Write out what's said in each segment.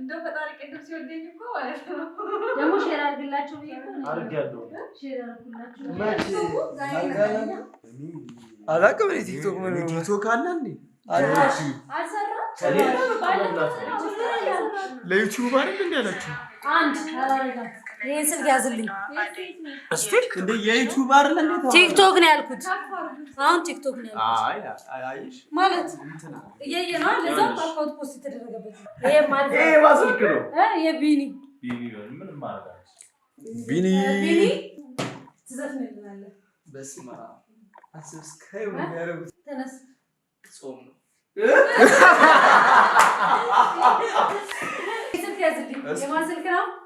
እንደው ፈጣሪ ቅድም ሲወደኝ እኮ ማለት ነው። ደግሞ ሼር አድርግላቸው አድርጊያለሁ። አላውቅም ቲክቶክ ምን ቲክቶክ አለ እንዴ? ለዩቲዩብ አይደል እንዲ ያላችሁ አንድ ይህን ስልክ ያዝልኝ። ቲክቶክ ነው ያልኩት። አሁን ቲክቶክ ነው ያልኩት ማለት እያየ ነው የተደረገበት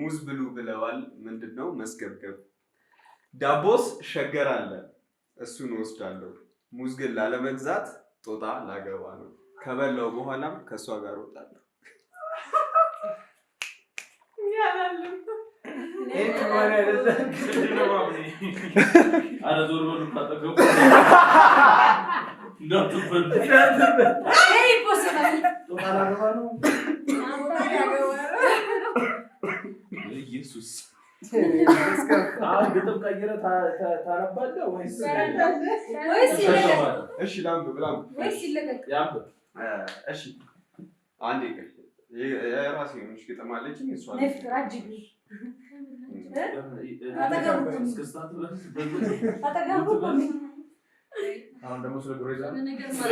ሙዝ ብሉ ብለዋል። ምንድን ነው መስገብገብ። ዳቦስ ሸገር አለ፣ እሱን ወስዳለሁ። ሙዝ ግን ላለመግዛት ጦጣ ላገባ ነው። ከበላው በኋላም ከእሷ ጋር ወጣለሁ። በኢየሱስ ግጥም ቀይረህ ታነባለህ ወይስ የራሴ የሆነች ግጥም አለችኝ። አሁን ደግሞ ስለ ጉሬዛ ነው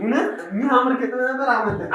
የሚያምር አይቻልም።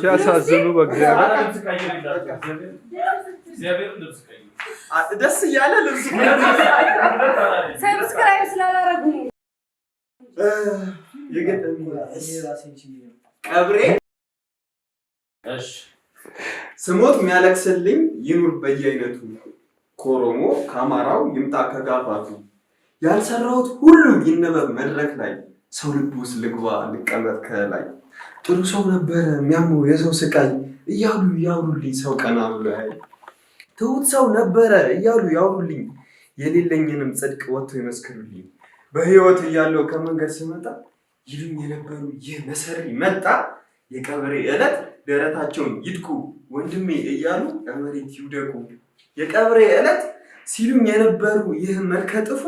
ሲያሳዝኑ ደስ እያለ ልብስ ሰብስክራይብ ስላላረጉ ቀብሬ ስሞት የሚያለቅስልኝ ይኑር በየአይነቱ ከኦሮሞ ከአማራው ይምጣ ከጋፋቱ ያልሰራሁት ሁሉ ይነበብ መድረክ ላይ ሰው ልብ ውስጥ ልግባ ልቀመጥ ከላይ ጥሩ ሰው ነበረ የሚያመው የሰው ስቃይ እያሉ እያውሉልኝ ሰው ቀና ብሎ ያይ ትሁት ሰው ነበረ እያሉ ያውሉልኝ የሌለኝንም ጽድቅ ወጥቶ ይመስክሩልኝ በህይወት እያለው ከመንገድ ስመጣ ይሉኝ የነበሩ ይህ መሰሪ መጣ የቀበሬ ዕለት ደረታቸውን ይድቁ ወንድሜ እያሉ ለመሬት ይውደቁ የቀብሬ ዕለት ሲሉኝ የነበሩ ይህ መልከ ጥፉ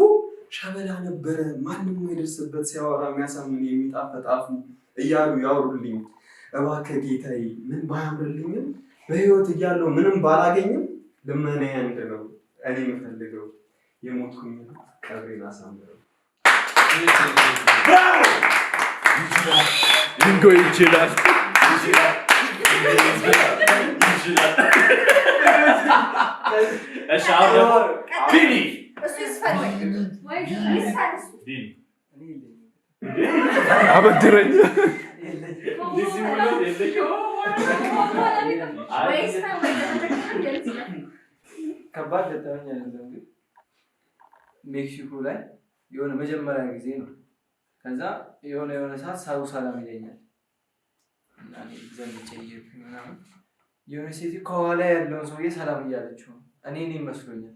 ሸበላ ነበረ፣ ማንም የደርስበት ሲያወራ የሚያሳምን የሚጣፈጥ አፉ እያሉ ያወሩልኝ። እባክህ ጌታዬ፣ ምን ባያምርልኝም በህይወት እያለው ምንም ባላገኝም ልመና ያንድ ነው። እኔ የምፈልገው የሞትኩኝ ቀብሬን አሳምረው። ሊንጎ ይችላል ይችላል እሱ ይስፈልግ አበድረኝ ከባድ ገጠመኝ አይደለም፣ ግን ሜክሲኮ ላይ የሆነ መጀመሪያ ጊዜ ነው። ከዛ የሆነ የሆነ ሰዓት ሳሩ ሰላም ይለኛል እና ምናምን የሆነ ሴት ከኋላ ያለውን ሰውዬ ሰላም እያለችው እኔ እኔ መስሎኛል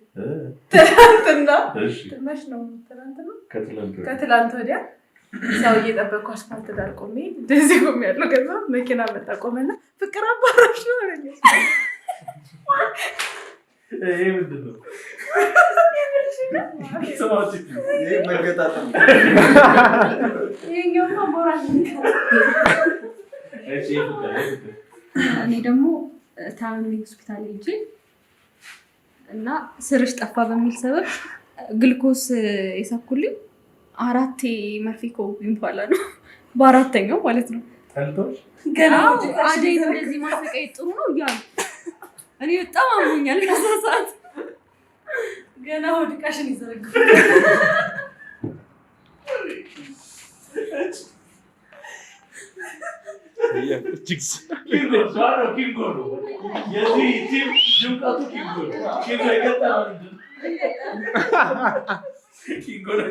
ትናንትና ትናሽ ነው ከትላንት ወዲያ ሰው እየጠበቅኩ አስፋልት ዳር ቆሜ እንደዚህ ቆሜ ያለው ገዛ መኪና መጣ ቆመና ፍቅር አባራሽ ነው አለኝ። እኔ ደግሞ ታምኒ ሆስፒታል ሄጄ እና ስርሽ ጠፋ በሚል ሰበብ ግልኮስ የሳኩልኝ አራቴ መርፌ ይባላ ነው። በአራተኛው ማለት ነው። ገና አደይ እንደዚህ ጥሩ ነው እያሉ እኔ በጣም አሞኛል። ከዛ ሰዓት ገና ወድቃሽን ኪንጎ ዛሮ ኪንጎ ነው። የዚህ ቲም ድምቀቱ ኪንጎ ነው። ኪንጎ የገጠመ ኪንጎ ነው።